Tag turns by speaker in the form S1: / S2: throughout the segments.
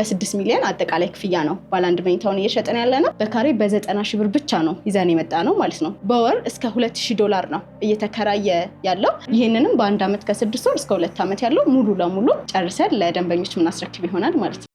S1: በስድስት ሚሊዮን አጠቃላይ ክፍያ ነው ባለ አንድ መኝታውን እየሸጠን ያለ ነው። በካሬ በዘጠና ሺህ ብር ብቻ ነው ይዘን የመጣ ነው ማለት ነው። በወር እስከ ሁለት ሺህ ዶላር ነው እየተከራየ ያለው። ይህንንም በአንድ ዓመት ከስድስት ወር እስከ ሁለት ዓመት ያለው ሙሉ ለሙሉ ጨርሰን ለደንበኞች ምናስረክብ ይሆናል ማለት ነው።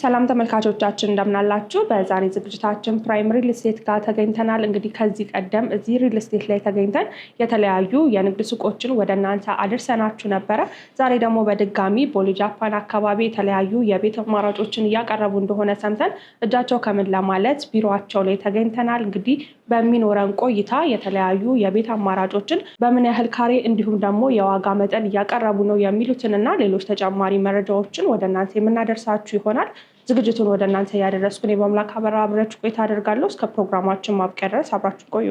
S2: ሰላም ተመልካቾቻችን እንደምናላችሁ። በዛሬ ዝግጅታችን ፕራይም ሪል ስቴት ጋር ተገኝተናል። እንግዲህ ከዚህ ቀደም እዚህ ሪል ስቴት ላይ ተገኝተን የተለያዩ የንግድ ሱቆችን ወደ እናንተ አድርሰናችሁ ነበረ። ዛሬ ደግሞ በድጋሚ ቦሌ ጃፓን አካባቢ የተለያዩ የቤት አማራጮችን እያቀረቡ እንደሆነ ሰምተን እጃቸው ከምን ለማለት ቢሮቸው ላይ ተገኝተናል። እንግዲህ በሚኖረን ቆይታ የተለያዩ የቤት አማራጮችን በምን ያህል ካሬ እንዲሁም ደግሞ የዋጋ መጠን እያቀረቡ ነው የሚሉትን እና ሌሎች ተጨማሪ መረጃዎችን ወደ እናንተ የምናደርሳችሁ ይሆናል። ዝግጅቱን ወደ እናንተ እያደረስኩ እኔ በአምላክ አበራ አብሬያችሁ ቆይታ አደርጋለሁ። እስከ ፕሮግራማችን ማብቂያ ድረስ አብራችሁ ቆዩ።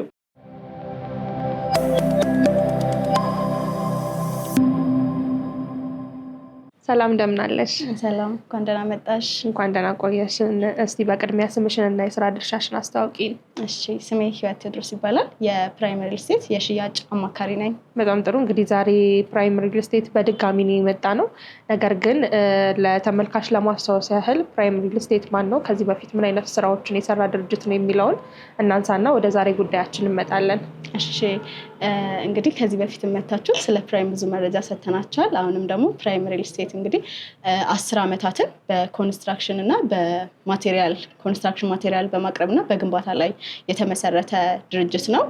S2: ሰላም እንደምናለሽ።
S3: ሰላም እንኳን ደህና መጣሽ።
S2: እንኳን ደህና ቆየሽን። እስቲ በቅድሚያ ስምሽን እና የስራ ድርሻሽን አስተዋውቂን።
S3: እሺ፣ ስሜ ህይወት ቴዎድሮስ ይባላል። የፕራይመሪ ሪል ስቴት የሽያጭ አማካሪ ነኝ።
S2: በጣም ጥሩ። እንግዲህ ዛሬ ፕራይመሪ ሪል ስቴት በድጋሚ ነው የመጣ ነው። ነገር ግን ለተመልካች ለማስታወስ ያህል ፕራይመሪ ሪል ስቴት ማን ነው፣ ከዚህ በፊት ምን አይነት ስራዎችን የሰራ ድርጅት ነው የሚለውን እናንሳና ወደ ዛሬ ጉዳያችን እንመጣለን።
S3: እሺ፣ እንግዲህ ከዚህ በፊት መታችሁ ስለ ፕራይም ብዙ መረጃ ሰጥተናቸዋል። አሁንም ደግሞ ፕራይመሪ ሪል ስቴት እንግዲህ አስር ዓመታትን በኮንስትራክሽን እና በማቴሪያል ኮንስትራክሽን ማቴሪያል በማቅረብ እና በግንባታ ላይ የተመሰረተ ድርጅት ነው።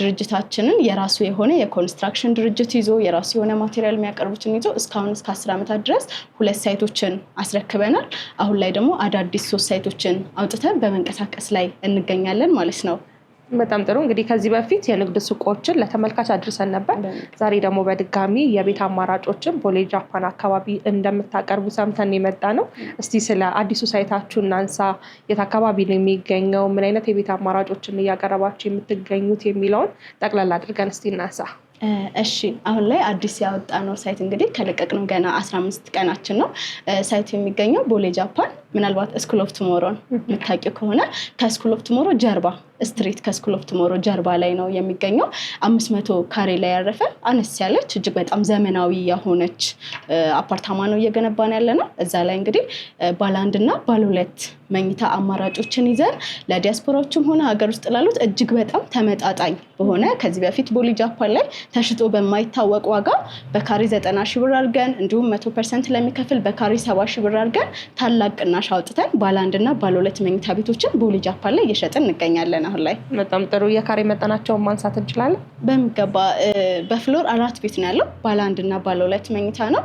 S3: ድርጅታችንን የራሱ የሆነ የኮንስትራክሽን ድርጅት ይዞ የራሱ የሆነ ማቴሪያል የሚያቀርቡትን ይዞ እስካሁን እስከ አስር ዓመታት ድረስ ሁለት ሳይቶችን አስረክበናል። አሁን ላይ ደግሞ አዳዲስ ሶስት ሳይቶችን አውጥተን በመንቀሳቀስ ላይ እንገኛለን ማለት ነው።
S2: በጣም ጥሩ እንግዲህ ከዚህ በፊት የንግድ ሱቆችን ለተመልካች አድርሰን ነበር። ዛሬ ደግሞ በድጋሚ የቤት አማራጮችን ቦሌ ጃፓን አካባቢ እንደምታቀርቡ ሰምተን የመጣ ነው። እስቲ ስለ አዲሱ ሳይታችሁ እናንሳ። የት አካባቢ ነው የሚገኘው? ምን አይነት የቤት አማራጮችን እያቀረባችሁ የምትገኙት የሚለውን ጠቅላላ አድርገን እስቲ እናንሳ።
S3: እሺ አሁን ላይ አዲስ ያወጣ ነው ሳይት እንግዲህ ከለቀቅነው ገና አስራ አምስት ቀናችን ነው። ሳይቱ የሚገኘው ቦሌ ጃፓን ምናልባት ስኩል ኦፍ ቱሞሮን የምታውቂው ከሆነ ከስኩል ኦፍ ቱሞሮ ጀርባ ስትሪት ከስኩል ኦፍ ቱሞሮ ጀርባ ላይ ነው የሚገኘው። አምስት መቶ ካሬ ላይ ያረፈ አነስ ያለች እጅግ በጣም ዘመናዊ የሆነች አፓርታማ ነው እየገነባን ያለ ነው። እዛ ላይ እንግዲህ ባለ አንድ እና ባለ ሁለት መኝታ አማራጮችን ይዘን ለዲያስፖራዎችም ሆነ ሀገር ውስጥ ላሉት እጅግ በጣም ተመጣጣኝ በሆነ ከዚህ በፊት ቦሌ ጃፓን ላይ ተሽጦ በማይታወቅ ዋጋ በካሬ ዘጠና ሺህ ብር አድርገን እንዲሁም መቶ ፐርሰንት ለሚከፍል በካሬ ሰባ ሺህ ብር አድርገን ታላቅና ቅናሽ አውጥተን ባለ አንድና ባለ ሁለት መኝታ ቤቶችን ቦሌ ጃፓን ላይ እየሸጥን እንገኛለን። አሁን ላይ
S2: በጣም ጥሩ የካሬ መጠናቸውን ማንሳት እንችላለን።
S3: በሚገባ በፍሎር አራት ቤት ነው ያለው። ባለ አንድና ባለ ሁለት መኝታ ነው።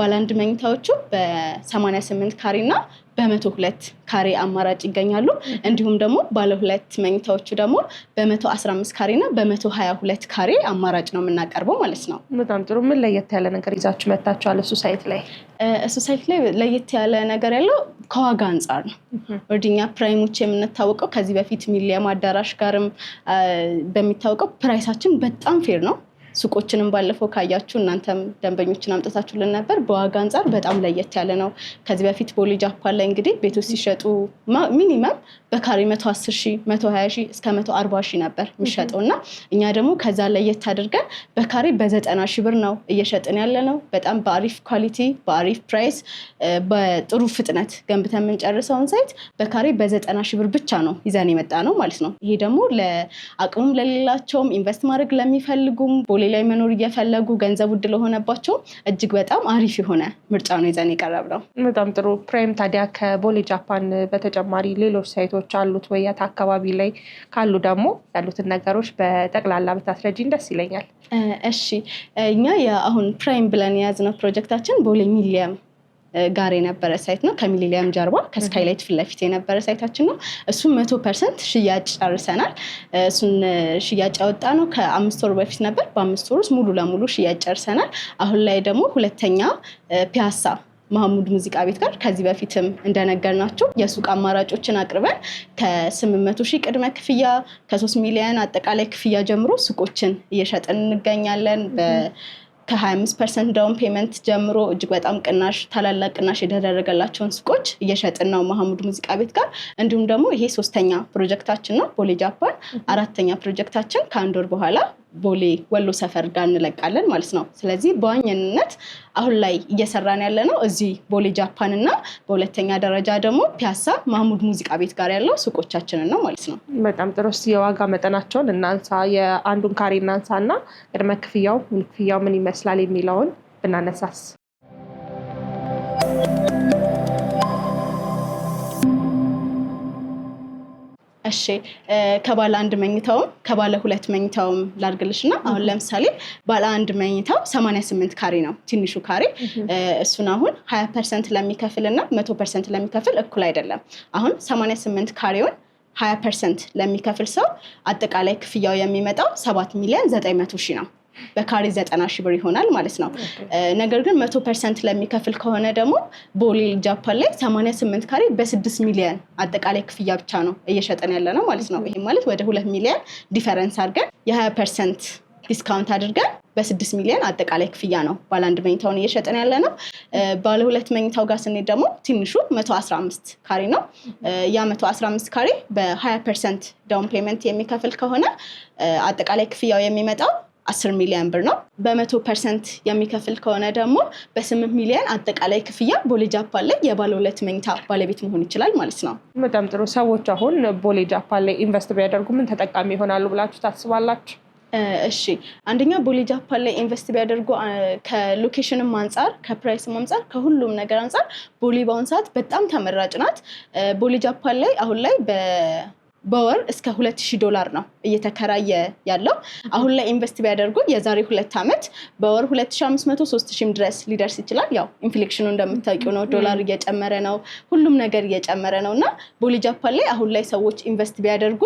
S3: ባለ አንድ መኝታዎቹ በ88 ካሬና በመቶ ሁለት ካሬ አማራጭ ይገኛሉ። እንዲሁም ደግሞ ባለ ሁለት መኝታዎቹ ደግሞ በመቶ አስራ አምስት ካሬ እና በመቶ ሀያ ሁለት ካሬ አማራጭ ነው የምናቀርበው ማለት ነው።
S2: በጣም ጥሩ። ምን ለየት ያለ ነገር ይዛችሁ መታችኋል? እሱ ሳይት ላይ
S3: እሱ ሳይት ላይ ለየት ያለ ነገር ያለው ከዋጋ አንጻር ነው። ወርድኛ ፕራይሞች የምንታወቀው ከዚህ በፊት ሚሊየም አዳራሽ ጋርም በሚታወቀው ፕራይሳችን በጣም ፌር ነው። ሱቆችንም ባለፈው ካያችሁ እናንተም ደንበኞችን አምጥታችሁልን ነበር። በዋጋ አንጻር በጣም ለየት ያለ ነው። ከዚህ በፊት ቦሌ ጃፓን ላይ እንግዲህ ቤቶች ሲሸጡ ሚኒመም በካሬ መቶ አስር ሺ መቶ ሀያ እስከ መቶ አርባ ሺህ ነበር የሚሸጠው እና እኛ ደግሞ ከዛ ለየት አድርገን በካሬ በዘጠና ሺ ብር ነው እየሸጥን ያለ ነው። በጣም በአሪፍ ኳሊቲ በአሪፍ ፕራይስ በጥሩ ፍጥነት ገንብተን የምንጨርሰውን ሳይት በካሬ በዘጠና ሺ ብር ብቻ ነው ይዘን የመጣ ነው ማለት ነው።
S2: ይሄ ደግሞ ለአቅሙም ለሌላቸውም ኢንቨስት ማድረግ ለሚፈልጉም ቦሌ ላይ መኖር እየፈለጉ ገንዘብ ውድ ለሆነባቸው እጅግ በጣም አሪፍ የሆነ ምርጫ ነው ይዘን ነው። በጣም ጥሩ ፕራይም። ታዲያ ከቦሌ ጃፓን በተጨማሪ ሌሎች ሳይቶች አሉት ወይ? የት አካባቢ ላይ ካሉ ደግሞ ያሉትን ነገሮች በጠቅላላ ብታስረጂን ደስ ይለኛል።
S3: እሺ እኛ የአሁን ፕራይም ብለን የያዝነው ፕሮጀክታችን ቦሌ ሚሊየም ጋር የነበረ ሳይት ነው። ከሚሊሊያም ጀርባ ከስካይላይት ፊት ለፊት የነበረ ሳይታችን ነው። እሱም መቶ ፐርሰንት ሽያጭ ጨርሰናል። እሱን ሽያጭ ያወጣ ነው ከአምስት ወር በፊት ነበር። በአምስት ወር ውስጥ ሙሉ ለሙሉ ሽያጭ ጨርሰናል። አሁን ላይ ደግሞ ሁለተኛ ፒያሳ መሐሙድ ሙዚቃ ቤት ጋር ከዚህ በፊትም እንደነገርናቸው የሱቅ አማራጮችን አቅርበን ከ800 ሺህ ቅድመ ክፍያ ከ3 ሚሊዮን አጠቃላይ ክፍያ ጀምሮ ሱቆችን እየሸጥን እንገኛለን። ከ25 ፐርሰንት ዳውን ፔመንት ጀምሮ እጅግ በጣም ቅናሽ ታላላቅ ቅናሽ የተደረገላቸውን ሱቆች እየሸጥን ነው መሐሙድ ሙዚቃ ቤት ጋር። እንዲሁም ደግሞ ይሄ ሶስተኛ ፕሮጀክታችን ነው ቦሌ ጃፓን። አራተኛ ፕሮጀክታችን ከአንድ ወር በኋላ ቦሌ ወሎ ሰፈር ጋር እንለቃለን ማለት ነው። ስለዚህ በዋኝነት አሁን ላይ እየሰራን ያለ ነው እዚህ ቦሌ ጃፓን እና በሁለተኛ ደረጃ ደግሞ ፒያሳ ማህሙድ ሙዚቃ ቤት ጋር ያለው ሱቆቻችንን ነው ማለት ነው።
S2: በጣም ጥሩ። የዋጋ መጠናቸውን እናንሳ፣ የአንዱን ካሬ እናንሳ እና ቅድመ ክፍያው ክፍያው ምን ይመስላል የሚለውን ብናነሳስ
S3: እሺ ከባለ አንድ መኝታውም ከባለ ሁለት መኝታውም ላድርግልሽ እና አሁን ለምሳሌ ባለ አንድ መኝታው ሰማንያ ስምንት ካሬ ነው ትንሹ ካሬ። እሱን አሁን ሀያ ፐርሰንት ለሚከፍል እና መቶ ፐርሰንት ለሚከፍል እኩል አይደለም። አሁን ሰማንያ ስምንት ካሬውን ሀያ ፐርሰንት ለሚከፍል ሰው አጠቃላይ ክፍያው የሚመጣው ሰባት ሚሊዮን ዘጠኝ መቶ ሺህ ነው። በካሬ ዘጠና ሺ ብር ይሆናል ማለት ነው። ነገር ግን መቶ ፐርሰንት ለሚከፍል ከሆነ ደግሞ ቦሌ ጃፓን ላይ ሰማንያ ስምንት ካሬ በስድስት ሚሊየን አጠቃላይ ክፍያ ብቻ ነው እየሸጠን ያለ ነው ማለት ነው። ይህም ማለት ወደ ሁለት ሚሊዮን ዲፈረንስ አድርገን የሀያ ፐርሰንት ዲስካውንት አድርገን በስድስት ሚሊዮን አጠቃላይ ክፍያ ነው ባለ አንድ መኝታውን እየሸጠን ያለ ነው። ባለ ሁለት መኝታው ጋር ስንሄድ ደግሞ ትንሹ መቶ አስራ አምስት ካሬ ነው። ያ መቶ አስራ አምስት ካሬ በሀያ ፐርሰንት ዳውን ፔመንት የሚከፍል ከሆነ አጠቃላይ ክፍያው የሚመጣው አስር ሚሊዮን ብር ነው። በመቶ ፐርሰንት የሚከፍል ከሆነ ደግሞ በስምንት ሚሊዮን አጠቃላይ ክፍያ ቦሌ ጃፓን ላይ የባለ ሁለት መኝታ ባለቤት መሆን ይችላል ማለት ነው።
S2: በጣም ጥሩ። ሰዎች አሁን ቦሌ ጃፓን ላይ ኢንቨስት ቢያደርጉ ምን ተጠቃሚ ይሆናሉ ብላችሁ ታስባላችሁ?
S3: እሺ አንደኛው ቦሌ ጃፓን ላይ ኢንቨስት ቢያደርጉ ከሎኬሽንም አንጻር ከፕራይስም አንጻር ከሁሉም ነገር አንጻር ቦሌ በአሁን ሰዓት በጣም ተመራጭ ናት። ቦሌ ጃፓን ላይ አሁን ላይ በወር እስከ ሁለት ሺህ ዶላር ነው እየተከራየ ያለው። አሁን ላይ ኢንቨስት ቢያደርጉ የዛሬ ሁለት ዓመት በወር ሁለት ሺህ አምስት መቶ ሶስት ሺህም ድረስ ሊደርስ ይችላል። ያው ኢንፍሌክሽኑ እንደምታውቂው ነው፣ ዶላር እየጨመረ ነው፣ ሁሉም ነገር እየጨመረ ነው እና ቦሌ ጃፓን ላይ አሁን ላይ ሰዎች ኢንቨስት ቢያደርጉ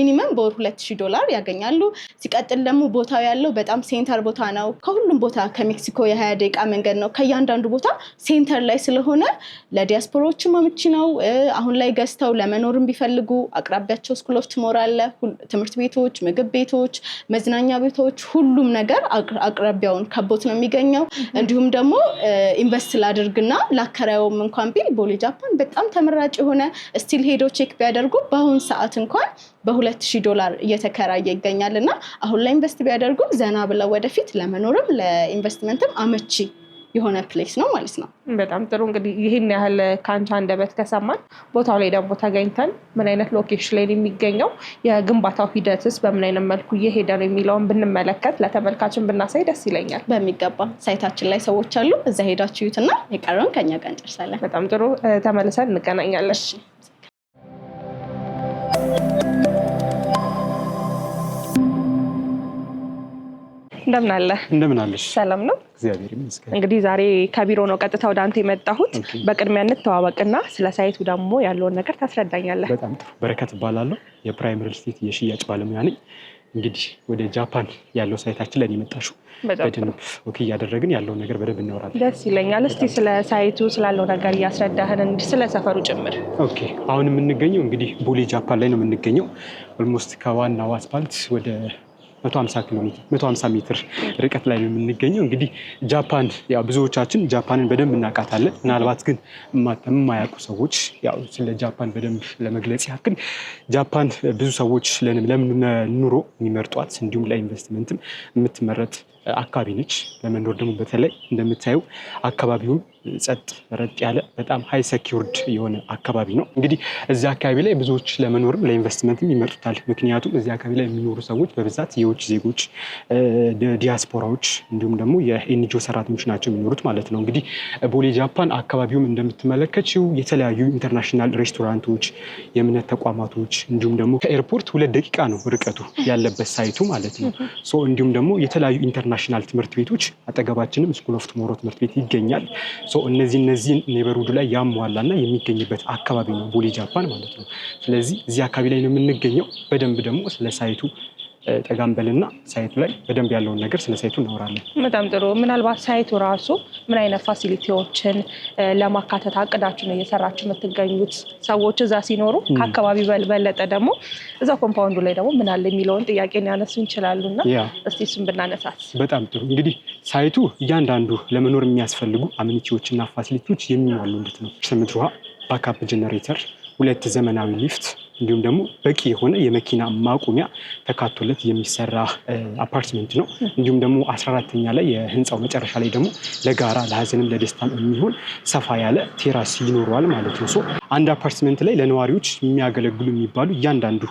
S3: ሚኒመም በወር ሁለት ሺህ ዶላር ያገኛሉ። ሲቀጥል ደግሞ ቦታው ያለው በጣም ሴንተር ቦታ ነው። ከሁሉም ቦታ ከሜክሲኮ የሀያ ደቂቃ መንገድ ነው። ከእያንዳንዱ ቦታ ሴንተር ላይ ስለሆነ ለዲያስፖሮችም አመቺ ነው። አሁን ላይ ገዝተው ለመኖርም ቢፈልጉ አቅራቢያ የምናደርጋቸው ስኩሎች ኦፍ አለ። ትምህርት ቤቶች፣ ምግብ ቤቶች፣ መዝናኛ ቤቶች፣ ሁሉም ነገር አቅረቢያውን ከቦት ነው የሚገኘው። እንዲሁም ደግሞ ኢንቨስት ላድርግና ላከራየውም እንኳን ቢል ቦሌ ጃፓን በጣም ተመራጭ የሆነ ስቲል ሄዶ ቼክ ቢያደርጉ በአሁን ሰዓት እንኳን በ ሺህ ዶላር እየተከራየ ይገኛል እና አሁን ላይ ኢንቨስት ቢያደርጉ ዘና ብለው ወደፊት ለመኖርም ለኢንቨስትመንትም አመቺ የሆነ ፕሌስ ነው ማለት ነው።
S2: በጣም ጥሩ እንግዲህ ይህን ያህል ከአንቺ አንደበት ከሰማን ቦታው ላይ ደግሞ ተገኝተን ምን አይነት ሎኬሽን ላይ የሚገኘው የግንባታው ሂደትስ በምን አይነት መልኩ እየሄደ ነው የሚለውን ብንመለከት ለተመልካችን ብናሳይ ደስ ይለኛል።
S3: በሚገባ ሳይታችን ላይ ሰዎች አሉ። እዛ ሄዳችሁ እዩትና የቀረውን ከኛ ጋር እንጨርሳለን።
S2: በጣም ጥሩ ተመልሰን እንገናኛለን። እንደምን አለ? እንደምን አለሽ?
S3: ሰላም ነው፣
S4: እግዚአብሔር ይመስገን።
S2: እንግዲህ ዛሬ ከቢሮ ነው ቀጥታ ወደ አንተ የመጣሁት። በቅድሚያ እንተዋወቅና ስለ ሳይቱ ደግሞ ያለውን ነገር ታስረዳኛለህ። በጣም ጥሩ።
S4: በረከት እባላለሁ። የፕራይም ሪል ስቴት የሽያጭ ባለሙያ ነኝ። እንግዲህ ወደ ጃፓን ያለው ሳይታችን ላይ የመጣሽው በደንብ ወክ እያደረግን ያለውን ነገር በደንብ እናወራለን።
S3: ደስ ይለኛል። እስቲ ስለ ሳይቱ ስላለው ነገር እያስረዳህን እንዲህ ስለ ሰፈሩ ጭምር።
S4: ኦኬ አሁን የምንገኘው እንግዲህ ቦሌ ጃፓን ላይ ነው የምንገኘው። ኦልሞስት ከዋናው አስፓልት ወደ 150 ኪሎ ሜትር 150 ሜትር ርቀት ላይ ነው የምንገኘው። እንግዲህ ጃፓን ያው ብዙዎቻችን ጃፓንን በደንብ እናውቃታለን። ምናልባት ግን የማያውቁ ሰዎች ያው ስለ ጃፓን በደንብ ለመግለጽ ያክል ጃፓን ብዙ ሰዎች ለኑሮ የሚመርጧት እንዲሁም ለኢንቨስትመንትም የምትመረጥ አካባቢ ነች። ለመኖር ደግሞ በተለይ እንደምታየው አካባቢውም ጸጥ ረጥ ያለ በጣም ሀይ ሰኪውርድ የሆነ አካባቢ ነው። እንግዲህ እዚህ አካባቢ ላይ ብዙዎች ለመኖርም ለኢንቨስትመንትም ይመርጡታል። ምክንያቱም እዚህ አካባቢ ላይ የሚኖሩ ሰዎች በብዛት የውጭ ዜጎች፣ ዲያስፖራዎች እንዲሁም ደግሞ የኤንጂኦ ሰራተኞች ናቸው የሚኖሩት ማለት ነው። እንግዲህ ቦሌ ጃፓን አካባቢውም እንደምትመለከችው የተለያዩ ኢንተርናሽናል ሬስቶራንቶች፣ የእምነት ተቋማቶች እንዲሁም ደግሞ ከኤርፖርት ሁለት ደቂቃ ነው ርቀቱ ያለበት ሳይቱ ማለት ነው። እንዲሁም ደግሞ የተለያዩ ኢንተርናሽናል ትምህርት ቤቶች አጠገባችንም ስኩል ኦፍ ቱሞሮ ትምህርት ቤት ይገኛል። እነዚህ እነዚህን ኔበርሁድ ላይ ያሟላና የሚገኝበት አካባቢ ነው ቦሌ ጃፓን ማለት ነው። ስለዚህ እዚህ አካባቢ ላይ ነው የምንገኘው። በደንብ ደግሞ ስለ ሳይቱ ጠጋምበልና ሳይቱ ላይ በደንብ ያለውን ነገር ስለ ሳይቱ እናወራለን።
S2: በጣም ጥሩ። ምናልባት ሳይቱ ራሱ ምን አይነት ፋሲሊቲዎችን ለማካተት አቅዳችሁ ነው እየሰራችሁ የምትገኙት? ሰዎች እዛ ሲኖሩ ከአካባቢ በለጠ ደግሞ እዛ ኮምፓውንዱ ላይ ደግሞ ምን አለ የሚለውን ጥያቄ ያነሱ ይችላሉ እና እስቲ እሱን ብናነሳት
S4: በጣም ጥሩ። እንግዲህ ሳይቱ እያንዳንዱ ለመኖር የሚያስፈልጉ አምኒቲዎችና ፋሲሊቲዎች የሚሟሉለት ነው። ስምንት ውሃ፣ ባካፕ ጀነሬተር፣ ሁለት ዘመናዊ ሊፍት እንዲሁም ደግሞ በቂ የሆነ የመኪና ማቆሚያ ተካቶለት የሚሰራ አፓርትመንት ነው። እንዲሁም ደግሞ አስራ አራተኛ ላይ የህንፃው መጨረሻ ላይ ደግሞ ለጋራ ለሀዘንም ለደስታም የሚሆን ሰፋ ያለ ቴራስ ይኖረዋል ማለት ነው። አንድ አፓርትመንት ላይ ለነዋሪዎች የሚያገለግሉ የሚባሉ እያንዳንዱ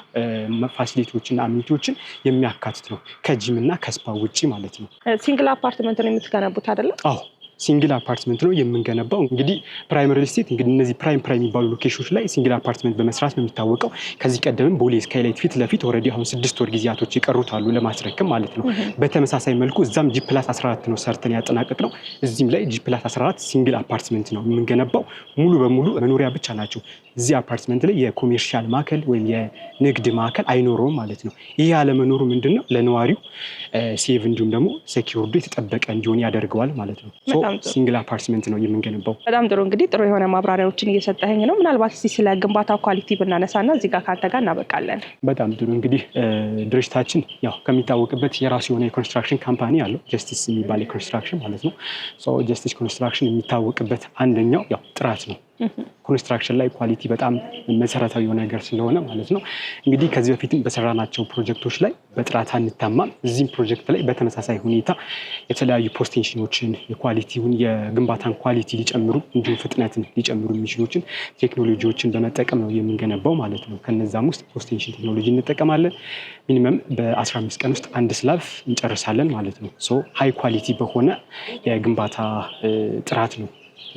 S4: ፋሲሊቲዎችና አሚኒቲዎችን የሚያካትት ነው ከጂም እና ከስፓ ውጭ ማለት ነው።
S2: ሲንግል አፓርትመንት ነው የምትገነቡት አይደለም?
S4: አዎ ሲንግል አፓርትመንት ነው የምንገነባው። እንግዲህ ፕራይም ሪል ስቴት እንግዲህ እነዚህ ፕራይም ፕራይም የሚባሉ ሎኬሽኖች ላይ ሲንግል አፓርትመንት በመስራት ነው የሚታወቀው። ከዚህ ቀደምም ቦሌ ስካይላይት ፊት ለፊት ኦልሬዲ አሁን ስድስት ወር ጊዜያቶች የቀሩት አሉ ማለት ነው። በተመሳሳይ መልኩ እዛም ጂ ፕላስ 14 ነው ሰርተን ያጠናቀቅ ነው። እዚህም ላይ ጂ ፕላስ 14 ሲንግል አፓርትመንት ነው የምንገነባው። ሙሉ በሙሉ መኖሪያ ብቻ ናቸው። እዚህ አፓርትመንት ላይ የኮሜርሻል ማዕከል ወይም የንግድ ማዕከል አይኖረውም ማለት ነው። ይህ አለመኖሩ ምንድን ነው ለነዋሪው ሴቭ እንዲሁም ደግሞ ሴኪውርዱ የተጠበቀ እንዲሆን ያደርገዋል ማለት ነው። ሲንግል አፓርትመንት ነው የምንገነባው።
S2: በጣም ጥሩ እንግዲህ ጥሩ የሆነ ማብራሪያዎችን እየሰጠኝ ነው። ምናልባት እስኪ ስለ ግንባታ ኳሊቲ ብናነሳና እዚህ ጋር ከአንተ ጋር እናበቃለን።
S4: በጣም ጥሩ እንግዲህ ድርጅታችን ያው ከሚታወቅበት የራሱ የሆነ የኮንስትራክሽን ካምፓኒ አለው ጀስቲስ የሚባል የኮንስትራክሽን ማለት ነው። ጀስቲስ ኮንስትራክሽን የሚታወቅበት አንደኛው ያው ጥራት ነው። ኮንስትራክሽን ላይ ኳሊቲ በጣም መሰረታዊ የሆነ ነገር ስለሆነ ማለት ነው። እንግዲህ ከዚህ በፊትም በሰራናቸው ፕሮጀክቶች ላይ በጥራት አንታማም። እዚህም ፕሮጀክት ላይ በተመሳሳይ ሁኔታ የተለያዩ ፖስቴንሽኖችን የኳሊቲውን የግንባታን ኳሊቲ ሊጨምሩ እንዲሁም ፍጥነትን ሊጨምሩ የሚችሉትን ቴክኖሎጂዎችን በመጠቀም ነው የምንገነባው ማለት ነው። ከነዛም ውስጥ ፖስቴንሽን ቴክኖሎጂ እንጠቀማለን። ሚኒመም በ15 ቀን ውስጥ አንድ ስላፍ እንጨርሳለን ማለት ነው። ሶ ሀይ ኳሊቲ በሆነ የግንባታ ጥራት ነው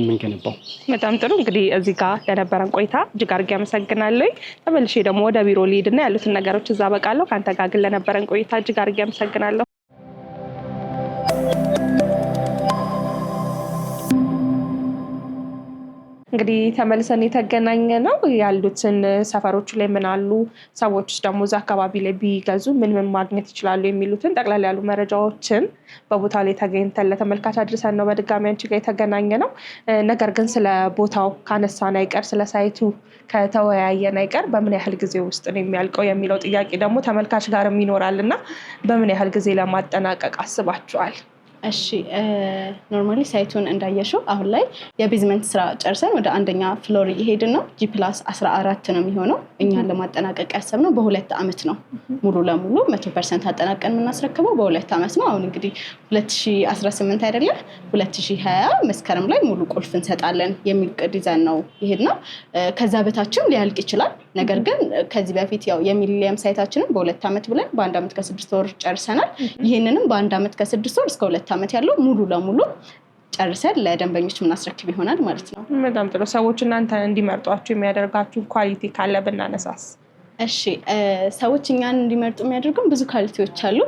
S4: የምንገነባው።
S2: በጣም ጥሩ እንግዲህ እዚህ ጋር ለነበረን ቆይታ እጅግ አድርጌ አመሰግናለሁ። ተመልሼ ደግሞ ወደ ቢሮ ሊሄድና ያሉትን ነገሮች እዛ በቃለሁ። ከአንተ ጋር ግን ለነበረን ቆይታ እጅግ አድርጌ አመሰግናለሁ። እንግዲህ ተመልሰን የተገናኘ ነው። ያሉትን ሰፈሮች ላይ ምን አሉ፣ ሰዎች ደግሞ እዛ አካባቢ ላይ ቢገዙ ምን ምን ማግኘት ይችላሉ የሚሉትን ጠቅላላ ያሉ መረጃዎችን በቦታ ላይ ተገኝተን ለተመልካች አድርሰን ነው በድጋሚ አንቺ ጋር የተገናኘ ነው። ነገር ግን ስለ ቦታው ካነሳን አይቀር ስለ ሳይቱ ከተወያየን አይቀር በምን ያህል ጊዜ ውስጥ ነው የሚያልቀው የሚለው ጥያቄ ደግሞ ተመልካች ጋርም ይኖራል እና በምን ያህል ጊዜ ለማጠናቀቅ አስባችኋል?
S3: እሺ ኖርማሊ ሳይቱን እንዳየሽው አሁን ላይ የቢዝመንት ስራ ጨርሰን ወደ አንደኛ ፍሎር እየሄድን ነው። ጂ ፕላስ 14 ነው የሚሆነው። እኛን ለማጠናቀቅ ያሰብነው በሁለት ዓመት ነው። ሙሉ ለሙሉ መቶ ፐርሰንት አጠናቀን የምናስረክበው በሁለት ዓመት ነው። አሁን እንግዲህ 2018 አይደለ 2020 መስከረም ላይ ሙሉ ቁልፍ እንሰጣለን የሚል ዲዛይን ነው ይሄድ ነው። ከዛ በታችም ሊያልቅ ይችላል ነገር ግን ከዚህ በፊት ያው የሚሊኒየም ሳይታችንን በሁለት ዓመት ብለን በአንድ ዓመት ከስድስት ወር ጨርሰናል። ይህንንም በአንድ ዓመት ከስድስት ወር እስከ ሁለት ዓመት ያለው ሙሉ ለሙሉ ጨርሰን ለደንበኞች የምናስረክብ ይሆናል ማለት ነው።
S2: በጣም ጥሩ። ሰዎች እናንተ እንዲመርጧችሁ የሚያደርጋችሁ ኳሊቲ ካለ ብናነሳስ
S3: እሺ ሰዎች እኛን እንዲመርጡ የሚያደርጉን ብዙ ኳሊቲዎች አሉ።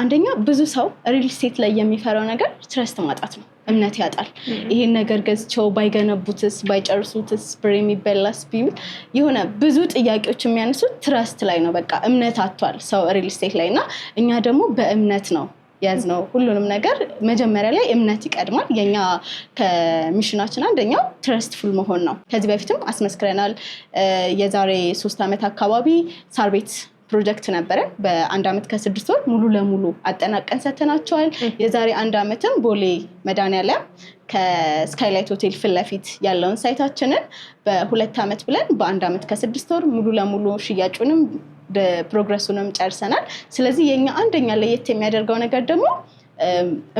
S3: አንደኛ ብዙ ሰው ሪል ስቴት ላይ የሚፈራው ነገር ትረስት ማጣት ነው። እምነት ያጣል። ይሄን ነገር ገዝቸው ባይገነቡትስ፣ ባይጨርሱትስ፣ ብር የሚበላስ ቢል የሆነ ብዙ ጥያቄዎች የሚያነሱት ትረስት ላይ ነው። በቃ እምነት አቷል ሰው ሪል ስቴት ላይ እና እኛ ደግሞ በእምነት ነው ያዝ ነው ሁሉንም ነገር መጀመሪያ ላይ እምነት ይቀድማል። የኛ ከሚሽናችን አንደኛው ትረስትፉል መሆን ነው። ከዚህ በፊትም አስመስክረናል። የዛሬ ሶስት ዓመት አካባቢ ሳር ቤት ፕሮጀክት ነበረ። በአንድ ዓመት ከስድስት ወር ሙሉ ለሙሉ አጠናቀን ሰተናቸዋል። የዛሬ አንድ ዓመትም ቦሌ መድኃኒዓለም ከስካይላይት ሆቴል ፊት ለፊት ያለውን ሳይታችንን በሁለት ዓመት ብለን በአንድ ዓመት ከስድስት ወር ሙሉ ለሙሉ ሽያጩንም ፕሮግረሱንም ጨርሰናል። ስለዚህ የኛ አንደኛ ለየት የሚያደርገው ነገር ደግሞ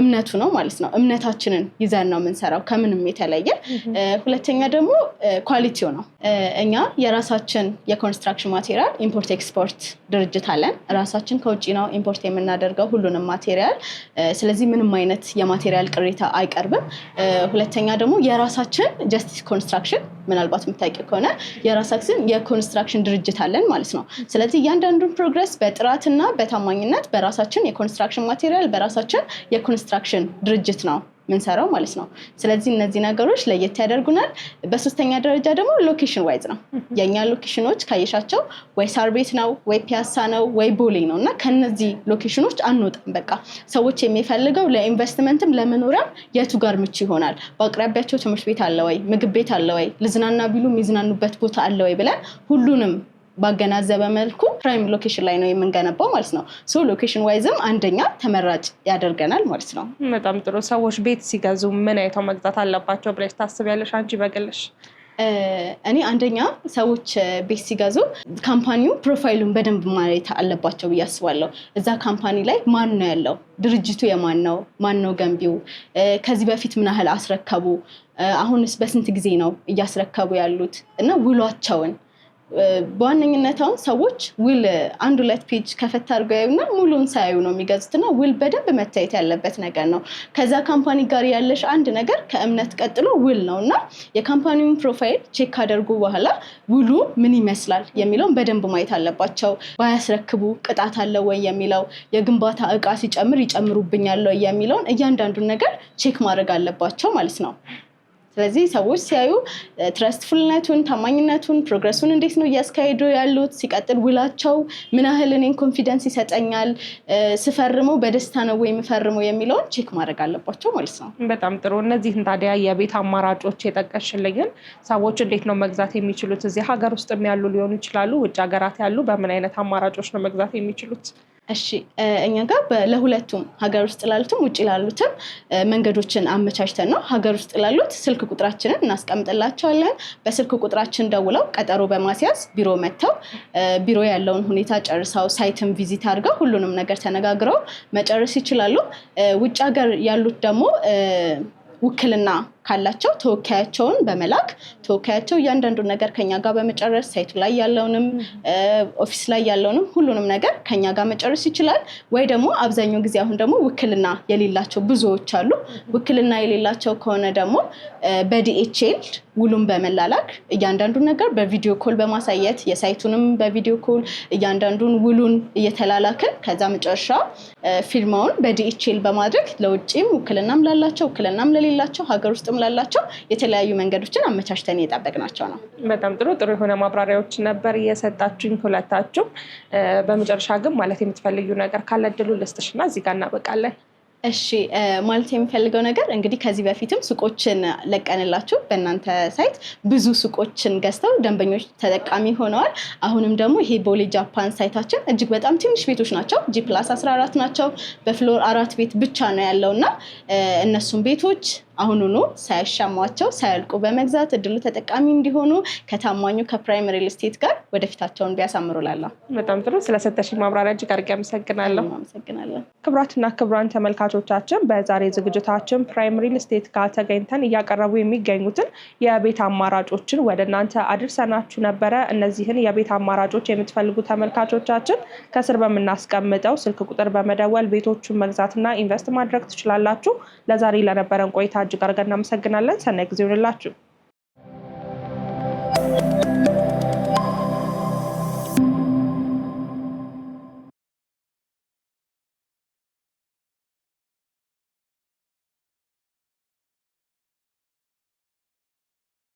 S3: እምነቱ ነው ማለት ነው። እምነታችንን ይዘን ነው የምንሰራው ከምንም የተለየ። ሁለተኛ ደግሞ ኳሊቲው ነው። እኛ የራሳችን የኮንስትራክሽን ማቴሪያል ኢምፖርት ኤክስፖርት ድርጅት አለን። ራሳችን ከውጭ ነው ኢምፖርት የምናደርገው ሁሉንም ማቴሪያል። ስለዚህ ምንም አይነት የማቴሪያል ቅሬታ አይቀርብም። ሁለተኛ ደግሞ የራሳችን ጀስቲስ ኮንስትራክሽን ምናልባት የምታቂ ከሆነ የራሳችን የኮንስትራክሽን ድርጅት አለን ማለት ነው። ስለዚህ እያንዳንዱን ፕሮግረስ በጥራትና በታማኝነት በራሳችን የኮንስትራክሽን ማቴሪያል በራሳችን የኮንስትራክሽን ድርጅት ነው ምንሰራው ማለት ነው። ስለዚህ እነዚህ ነገሮች ለየት ያደርጉናል። በሶስተኛ ደረጃ ደግሞ ሎኬሽን ዋይዝ ነው። የእኛ ሎኬሽኖች ካየሻቸው ወይ ሳር ቤት ነው ወይ ፒያሳ ነው ወይ ቦሌ ነው እና ከነዚህ ሎኬሽኖች አንወጣም። በቃ ሰዎች የሚፈልገው ለኢንቨስትመንትም ለመኖሪያም የቱ ጋር ምቹ ይሆናል፣ በአቅራቢያቸው ትምህርት ቤት አለ ወይ፣ ምግብ ቤት አለ ወይ፣ ልዝናና ቢሉ የሚዝናኑበት ቦታ አለ ወይ ብለን ሁሉንም ባገናዘበ መልኩ ፕራይም ሎኬሽን ላይ ነው የምንገነባው ማለት ነው። ሶ ሎኬሽን ዋይዝም አንደኛ ተመራጭ ያደርገናል ማለት ነው።
S2: በጣም ጥሩ። ሰዎች ቤት ሲገዙ ምን አይተው መግዛት አለባቸው ብለሽ ያለሽ አንቺ በግልሽ?
S3: እኔ አንደኛ ሰዎች ቤት ሲገዙ ካምፓኒው ፕሮፋይሉን በደንብ ማየት አለባቸው ብዬ እዛ ካምፓኒ ላይ ማን ነው ያለው? ድርጅቱ የማን ነው? ማን ነው ገንቢው? ከዚህ በፊት ምን ያህል አስረከቡ? አሁንስ በስንት ጊዜ ነው እያስረከቡ ያሉት? እና ውሏቸውን በዋነኝነት አሁን ሰዎች ውል አንድ ሁለት ፔጅ ከፈት አድርገው ያዩና ሙሉን ሳያዩ ነው የሚገዙትና ውል በደንብ መታየት ያለበት ነገር ነው። ከዛ ካምፓኒ ጋር ያለሽ አንድ ነገር ከእምነት ቀጥሎ ውል ነው እና የካምፓኒውን ፕሮፋይል ቼክ ካደርጉ በኋላ ውሉ ምን ይመስላል የሚለውን በደንብ ማየት አለባቸው። ባያስረክቡ ቅጣት አለው ወይ የሚለው የግንባታ እቃ ሲጨምር ይጨምሩብኛል የሚለውን እያንዳንዱን ነገር ቼክ ማድረግ አለባቸው ማለት ነው። ስለዚህ ሰዎች ሲያዩ ትረስትፉልነቱን፣ ታማኝነቱን፣ ፕሮግረሱን እንዴት ነው እያስካሄዱ ያሉት፣ ሲቀጥል ውላቸው ምን ያህል እኔን ኮንፊደንስ ይሰጠኛል፣ ስፈርመው በደስታ ነው ወይም ፈርመው የሚለውን ቼክ ማድረግ አለባቸው ማለት ነው።
S2: በጣም ጥሩ። እነዚህን ታዲያ የቤት አማራጮች የጠቀሽልኝን ሰዎች እንዴት ነው መግዛት የሚችሉት? እዚህ ሀገር ውስጥ ያሉ ሊሆኑ ይችላሉ፣ ውጭ ሀገራት ያሉ በምን አይነት አማራጮች ነው መግዛት የሚችሉት?
S3: እሺ እኛ ጋር ለሁለቱም ሀገር ውስጥ ላሉትም ውጭ ላሉትም መንገዶችን አመቻችተን ነው። ሀገር ውስጥ ላሉት ስልክ ቁጥራችንን እናስቀምጥላቸዋለን። በስልክ ቁጥራችን ደውለው ቀጠሮ በማስያዝ ቢሮ መጥተው ቢሮ ያለውን ሁኔታ ጨርሰው ሳይትም ቪዚት አድርገው ሁሉንም ነገር ተነጋግረው መጨረስ ይችላሉ። ውጭ ሀገር ያሉት ደግሞ ውክልና ካላቸው ተወካያቸውን በመላክ ተወካያቸው እያንዳንዱን ነገር ከኛ ጋር በመጨረስ ሳይቱ ላይ ያለውንም ኦፊስ ላይ ያለውንም ሁሉንም ነገር ከኛ ጋር መጨረስ ይችላል። ወይ ደግሞ አብዛኛው ጊዜ አሁን ደግሞ ውክልና የሌላቸው ብዙዎች አሉ። ውክልና የሌላቸው ከሆነ ደግሞ በዲኤችኤል ውሉን በመላላክ እያንዳንዱ ነገር በቪዲዮ ኮል በማሳየት የሳይቱንም በቪዲዮ ኮል እያንዳንዱን ውሉን እየተላላክን ከዛ መጨረሻ ፊርማውን በዲኤችኤል በማድረግ ለውጭም ውክልናም ላላቸው ውክልናም ለሌላቸው ሀገር ውስጥ አቅም ላላቸው የተለያዩ መንገዶችን አመቻችተን የጠበቅናቸው ነው።
S2: በጣም ጥሩ ጥሩ የሆነ ማብራሪያዎች ነበር እየሰጣችሁኝ ሁለታችሁም። በመጨረሻ ግን ማለት የምትፈልጊው ነገር ካለ እድሉ ልስጥሽና እዚህ ጋር እናበቃለን።
S3: እሺ ማለት የሚፈልገው ነገር እንግዲህ ከዚህ በፊትም ሱቆችን ለቀንላችሁ በእናንተ ሳይት ብዙ ሱቆችን ገዝተው ደንበኞች ተጠቃሚ ሆነዋል። አሁንም ደግሞ ይሄ ቦሌ ጃፓን ሳይታችን እጅግ በጣም ትንሽ ቤቶች ናቸው። ጂፕላስ 14 ናቸው። በፍሎር አራት ቤት ብቻ ነው ያለው እና እነሱን ቤቶች አሁኑኑ ሳያሻሟቸው ሳያልቁ በመግዛት እድሉ ተጠቃሚ እንዲሆኑ ከታማኙ ከፕራይም ሪል ስቴት ጋር ወደፊታቸውን ቢያሳምሩ ላለሁ።
S2: በጣም ጥሩ ስለሰጠሽ ማብራሪያ እጅግ አድርጌ አመሰግናለሁ። አመሰግናለሁ። ክቡራትና ተመልካቾቻችን በዛሬ ዝግጅታችን ፕራይም ሪል ስቴት ጋር ተገኝተን እያቀረቡ የሚገኙትን የቤት አማራጮችን ወደ እናንተ አድርሰናችሁ ነበረ። እነዚህን የቤት አማራጮች የምትፈልጉ ተመልካቾቻችን ከስር በምናስቀምጠው ስልክ ቁጥር በመደወል ቤቶቹን መግዛትና ኢንቨስት ማድረግ ትችላላችሁ። ለዛሬ ለነበረን ቆይታ እጅግ አድርገን እናመሰግናለን። ሰናይ ጊዜ ይሆንላችሁ።